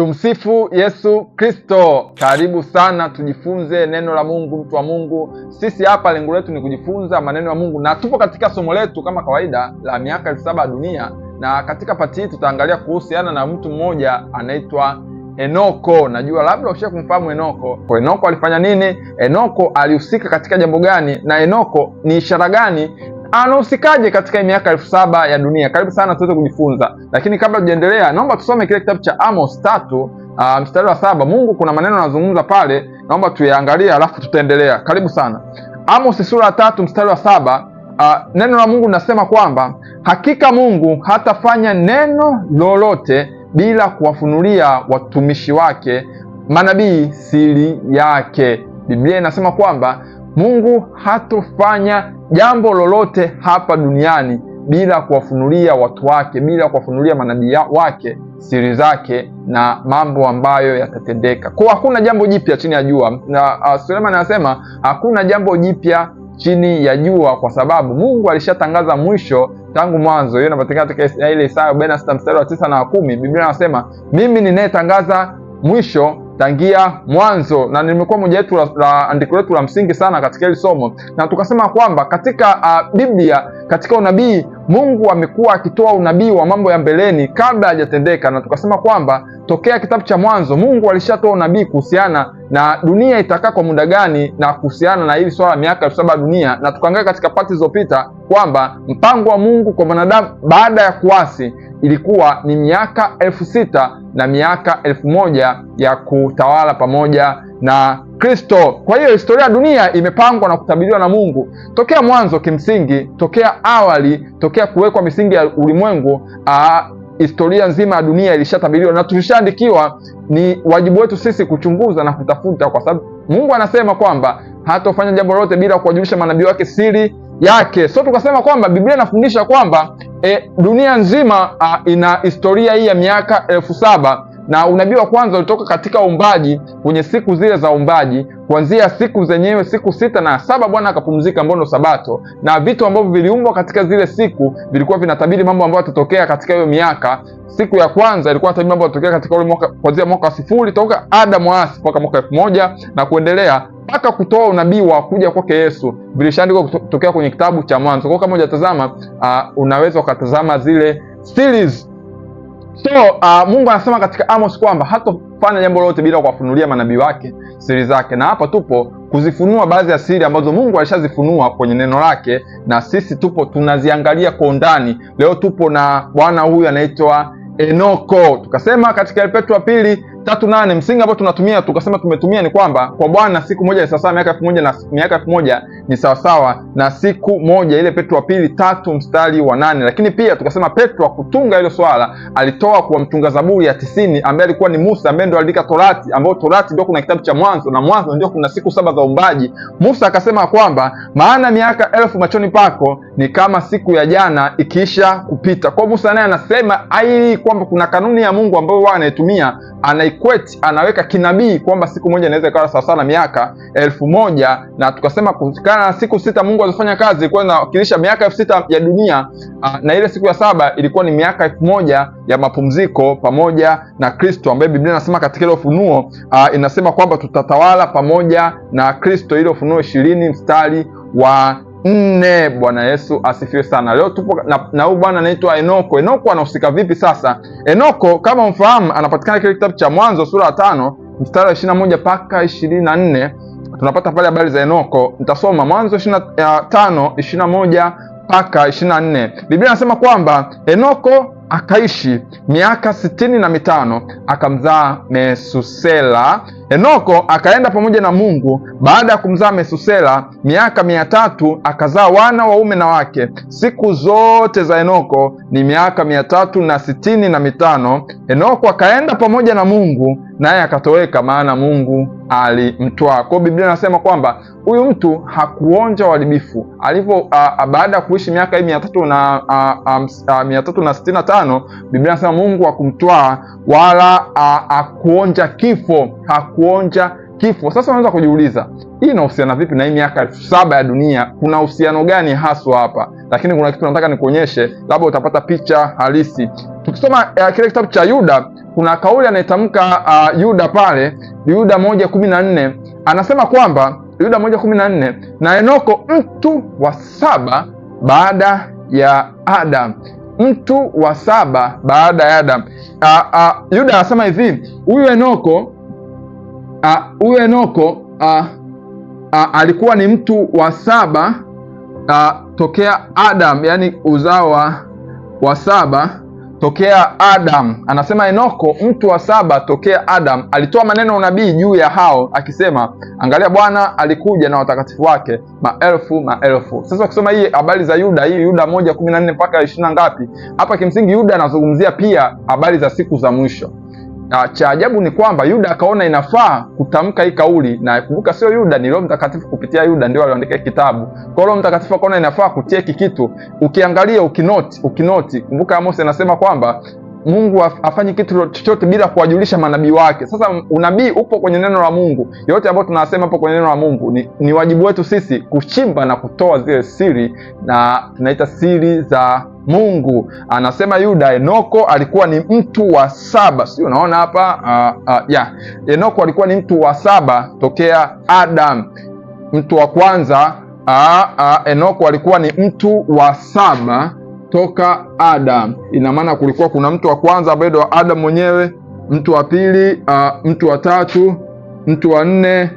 Tumsifu Yesu Kristo. Karibu sana tujifunze neno la Mungu, mtu wa Mungu. Sisi hapa lengo letu ni kujifunza maneno ya Mungu, na tupo katika somo letu kama kawaida la miaka elfu saba ya dunia, na katika pati hii tutaangalia kuhusiana na mtu mmoja anaitwa Enoko. Najua labda ushia kumfahamu Enoko. Kwa Enoko alifanya nini? Enoko alihusika katika jambo gani? Na Enoko ni ishara gani anahusikaje katika miaka elfu saba ya dunia? Karibu sana tuweze kujifunza, lakini kabla tujaendelea, naomba tusome kile kitabu cha Amos tatu uh, mstari wa saba. Mungu kuna maneno anazungumza pale, naomba tuyaangalie, alafu tutaendelea. Karibu sana. Amos sura ya tatu mstari wa saba. Uh, neno la Mungu linasema kwamba hakika Mungu hatafanya neno lolote bila kuwafunulia watumishi wake manabii siri yake. Biblia inasema kwamba Mungu hatofanya jambo lolote hapa duniani bila kuwafunulia watu wake, bila kuwafunulia manabii wake siri zake na mambo ambayo yatatendeka. Kwa hakuna jambo jipya chini ya jua, na uh, Suleiman anasema hakuna jambo jipya chini ya jua, kwa sababu Mungu alishatangaza mwisho tangu mwanzo. Hiyo inapatikana katika ile Isaya 46 mstari wa 9 na 10. Biblia inasema mimi ninayetangaza mwisho tangia mwanzo, na nimekuwa moja yetu la, la andiko letu la msingi sana katika hili somo, na tukasema kwamba katika uh, Biblia katika unabii Mungu amekuwa akitoa unabii wa mambo ya mbeleni kabla hajatendeka, na tukasema kwamba tokea kitabu cha Mwanzo Mungu alishatoa unabii kuhusiana na dunia itakaa kwa muda gani na kuhusiana na hili swala miaka elfu saba dunia, na tukaangalia katika pati zilizopita kwamba mpango wa Mungu kwa mwanadamu baada ya kuasi ilikuwa ni miaka elfu sita na miaka elfu moja ya kutawala pamoja na Kristo. Kwa hiyo historia ya dunia imepangwa na kutabiriwa na Mungu tokea mwanzo, kimsingi tokea awali, tokea kuwekwa misingi ya ulimwengu. historia nzima ya dunia ilishatabiriwa na tulishaandikiwa. Ni wajibu wetu sisi kuchunguza na kutafuta, kwa sababu Mungu anasema kwamba hatofanya jambo lolote bila kuwajulisha manabii wake siri yake. So tukasema kwamba Biblia inafundisha kwamba e, dunia nzima a, ina historia hii ya miaka elfu saba na unabii wa kwanza ulitoka katika umbaji kwenye siku zile za umbaji kuanzia siku zenyewe siku sita na saba Bwana akapumzika, mbono Sabato, na vitu ambavyo viliumbwa katika zile siku vilikuwa vinatabiri mambo ambayo yatatokea katika hiyo miaka. Siku ya kwanza ilikuwa natabiri mambo yatatokea katika ule mwaka, kuanzia mwaka wa sifuri toka Adamu asi mpaka mwaka elfu moja na kuendelea mpaka kutoa unabii wa kuja kwake Yesu vilishaandikwa kutokea kwenye kitabu cha Mwanzo. Kwa kama hujatazama, uh, unaweza ukatazama zile series So uh, Mungu anasema katika Amos kwamba hatofanya jambo lolote bila kuwafunulia manabii wake siri zake, na hapa tupo kuzifunua baadhi ya siri ambazo Mungu alishazifunua kwenye neno lake, na sisi tupo tunaziangalia kwa undani. Leo tupo na bwana huyu anaitwa Enoko. Tukasema katika Petro wa pili tatu nane msingi ambao tunatumia tukasema tumetumia ni kwamba kwa Bwana siku moja ni sawasawa miaka elfu moja na miaka elfu moja ni sawasawa na siku moja, ile Petro wa pili tatu mstari wa nane. Lakini pia tukasema Petro akutunga hilo swala alitoa kwa mtunga Zaburi ya tisini ambaye alikuwa ni Musa ambaye ndo aliandika Torati, ambao Torati ndio kuna kitabu cha Mwanzo na Mwanzo ndio kuna siku saba za umbaji. Musa akasema kwamba maana miaka elfu machoni pako ni kama siku ya jana ikiisha kupita. Kwa Musa naye anasema ai kwamba kuna kanuni ya Mungu ambayo anaitumia ana Kikwete anaweka kinabii kwamba siku moja inaweza ikawa sawasawa na miaka elfu moja na tukasema kutokana na siku sita Mungu alizofanya kazi ilikuwa inawakilisha miaka elfu sita ya dunia ah, na ile siku ya saba ilikuwa ni miaka elfu moja ya mapumziko pamoja na Kristo, ambaye Biblia inasema katika ile Ufunuo ah, inasema kwamba tutatawala pamoja na Kristo, ile Ufunuo ishirini mstari wa nne. Bwana Yesu asifiwe sana. Leo tupo na, na bwana anaitwa Enoko. Enoko anahusika vipi sasa? Enoko kama mfahamu, anapatikana kile kitabu cha Mwanzo sura ya tano mstari wa ishirini na moja mpaka ishirini na nne tunapata pale habari za Enoko. Nitasoma Mwanzo ishirini na eh, tano ishirini na moja mpaka ishirini na nne Biblia anasema kwamba Enoko akaishi miaka sitini na mitano akamzaa Mesusela. Henoko akaenda pamoja na Mungu baada ya kumzaa Mesusela miaka mia tatu akazaa wana waume na wake. Siku zote za Henoko ni miaka mia tatu na sitini na mitano. Henoko akaenda pamoja na Mungu naye akatoweka, maana Mungu alimtwaa. Kwa Biblia inasema kwamba huyu mtu hakuonja uharibifu alivyo. Baada ya kuishi miaka hii mia tatu na mia tatu na sitini na tano Biblia inasema Mungu hakumtwaa wala hakuonja kifo, hakuonja kifo. Sasa unaweza kujiuliza hii inahusiana vipi na hii miaka elfu saba ya dunia? Kuna uhusiano gani haswa hapa? Lakini kuna kitu nataka nikuonyeshe, labda utapata picha halisi. Tukisoma kile kitabu cha Yuda kuna kauli anayetamka uh, Yuda pale Yuda moja kumi na nne anasema kwamba Yuda moja kumi na nne na Enoko mtu wa saba baada ya Adam, mtu wa saba baada ya Adam. Uh, uh, Yuda anasema hivi huyu Enoko huyu uh, Enoko uh, uh, alikuwa ni mtu wa saba uh, tokea Adam, yani uzao wa saba tokea Adam, anasema Enoko mtu wa saba tokea Adam alitoa maneno unabii juu ya hao akisema, angalia Bwana alikuja na watakatifu wake maelfu maelfu. Sasa ukisoma hii habari za Yuda, hii Yuda moja kumi na nne mpaka ishirini na ngapi hapa, kimsingi Yuda anazungumzia pia habari za siku za mwisho. Na cha ajabu ni kwamba Yuda akaona inafaa kutamka hii kauli, na kumbuka, sio Yuda, ni Roho Mtakatifu kupitia Yuda ndio alioandika kitabu. Kwa Roho Mtakatifu akaona inafaa kutia hiki kitu. Ukiangalia ukinoti, ukinoti, kumbuka Amos anasema kwamba Mungu afanye kitu chochote bila kuwajulisha manabii wake. Sasa unabii upo kwenye neno la Mungu, yote ambayo tunasema hapo kwenye neno la Mungu ni, ni wajibu wetu sisi kuchimba na kutoa zile siri, na tunaita siri za Mungu. Anasema Yuda, Enoko alikuwa ni mtu wa saba, si unaona hapa uh, uh, yeah. Enoko alikuwa ni mtu wa saba tokea Adam, mtu wa kwanza uh, uh, Enoko alikuwa ni mtu wa saba toka Adam. Ina maana kulikuwa kuna mtu wa kwanza ambaye ndio Adam mwenyewe, mtu wa pili, uh, mtu wa tatu, mtu wa nne,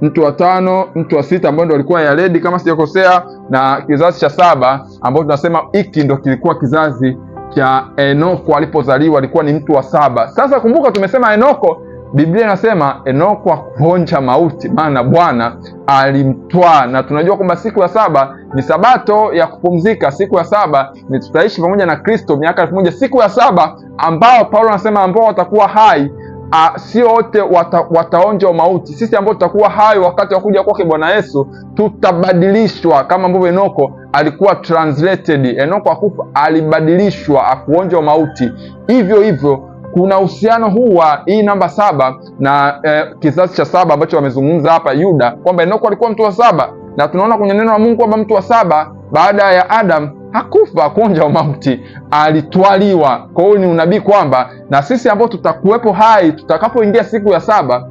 mtu wa tano, mtu wa sita ambaye ndio alikuwa Yaredi kama sijakosea, na kizazi cha saba ambao tunasema hiki ndio kilikuwa kizazi cha Enoko. Alipozaliwa alikuwa ni mtu wa saba. Sasa kumbuka tumesema Enoko Biblia inasema Enoko akuonja mauti, maana Bwana alimtwaa. Na tunajua kwamba siku ya saba ni sabato ya kupumzika. Siku ya saba ni tutaishi pamoja na Kristo miaka elfu moja siku ya saba ambao Paulo anasema ambao watakuwa hai A, sio wote wata, wataonja mauti. Sisi ambao tutakuwa hai wakati wa kuja kwake Bwana Yesu tutabadilishwa kama ambavyo Enoko alikuwa translated. Enoko akufa, alibadilishwa akuonja mauti, hivyo hivyo kuna uhusiano huu wa hii e namba saba na e, kizazi cha saba ambacho wamezungumza hapa Yuda kwamba Enoko alikuwa mtu wa saba, na tunaona kwenye neno la Mungu kwamba mtu wa saba baada ya Adam hakufa kuonja mauti alitwaliwa. Kwa hiyo ni unabii kwamba na sisi ambao tutakuwepo hai tutakapoingia siku ya saba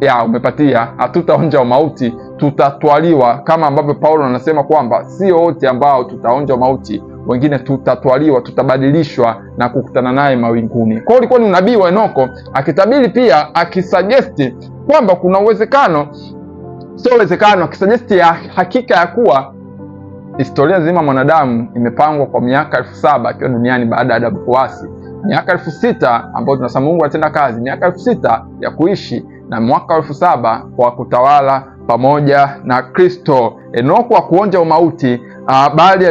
ya umepatia, hatutaonja umauti, tutatwaliwa, kama ambavyo Paulo anasema kwamba sio wote ambao tutaonja umauti wengine tutatwaliwa, tutabadilishwa na kukutana naye mawinguni. Kwa hiyo ulikuwa ni unabii wa Enoko akitabiri pia, akisajesti kwamba kuna uwezekano, sio uwezekano, akisajesti ya hakika ya kuwa historia nzima mwanadamu imepangwa kwa miaka elfu saba akiwa duniani baada ya Adamu kuasi, miaka elfu sita ambayo tunasema Mungu anatenda kazi, miaka elfu sita ya kuishi na mwaka elfu saba kwa kutawala pamoja na Kristo. Enoko hakuonja umauti, ah, bali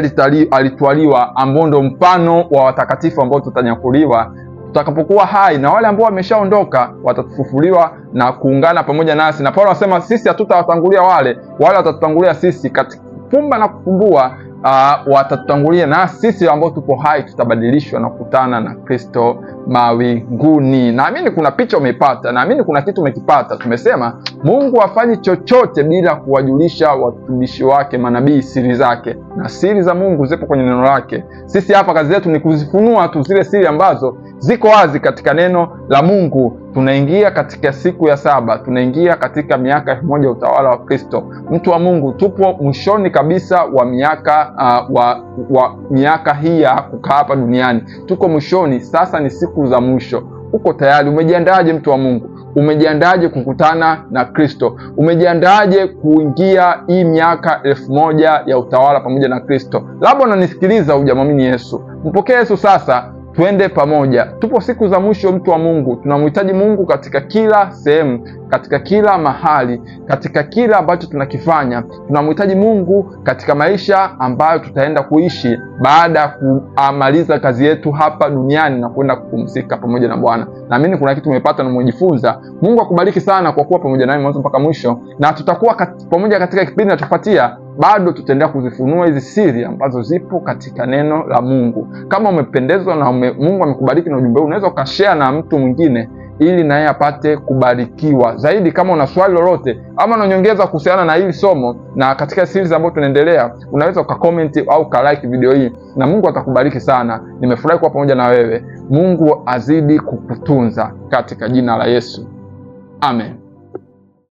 alitwaliwa, ambao ndio mfano wa watakatifu ambao tutanyakuliwa tutakapokuwa hai, na wale ambao wameshaondoka watafufuliwa na kuungana pamoja nasi. Na Paulo anasema sisi hatutawatangulia wale, wale watatutangulia sisi, katika kufumba na kufumbua uh, ah, watatutangulia na sisi ambao tupo hai tutabadilishwa na kukutana na Kristo mawinguni. Naamini kuna picha umeipata, naamini kuna kitu umekipata. Tumesema Mungu hafanyi chochote bila kuwajulisha watumishi wake manabii siri zake, na siri za Mungu zipo kwenye neno lake. Sisi hapa kazi yetu ni kuzifunua tu zile siri ambazo ziko wazi katika neno la Mungu. Tunaingia katika siku ya saba, tunaingia katika miaka elfu moja utawala wa Kristo. Mtu wa Mungu, tupo mwishoni kabisa wa miaka uh, wa, wa miaka hii ya kukaa hapa duniani, tuko mwishoni. Sasa ni siku za mwisho. Uko tayari? Umejiandaje mtu wa Mungu? Umejiandaje kukutana na Kristo? Umejiandaje kuingia hii miaka elfu moja ya utawala pamoja na Kristo? Labda unanisikiliza, hujamwamini Yesu. Mpokee Yesu sasa Twende pamoja. Tupo siku za mwisho, mtu wa Mungu. Tunamhitaji Mungu katika kila sehemu, katika kila mahali, katika kila ambacho tunakifanya. Tunamhitaji Mungu katika maisha ambayo tutaenda kuishi baada ya kumaliza kazi yetu hapa duniani na kwenda kupumzika pamoja na Bwana. Naamini kuna kitu umepata na umejifunza. Mungu akubariki sana kwa kuwa pamoja nami mwanzo mpaka mwisho, na tutakuwa kat, pamoja katika kipindi nachofuatia bado tutaendelea kuzifunua hizi siri ambazo zipo katika neno la Mungu. Kama umependezwa na ume, Mungu amekubariki na ujumbe huu, unaweza ukashea na mtu mwingine ili naye apate kubarikiwa zaidi. Kama una swali lolote ama unanyongeza kuhusiana na hili somo na katika series ambayo tunaendelea, unaweza ukakomenti au ukalike video hii, na Mungu atakubariki sana. Nimefurahi kuwa pamoja na wewe. Mungu azidi kukutunza katika jina la Yesu, amen.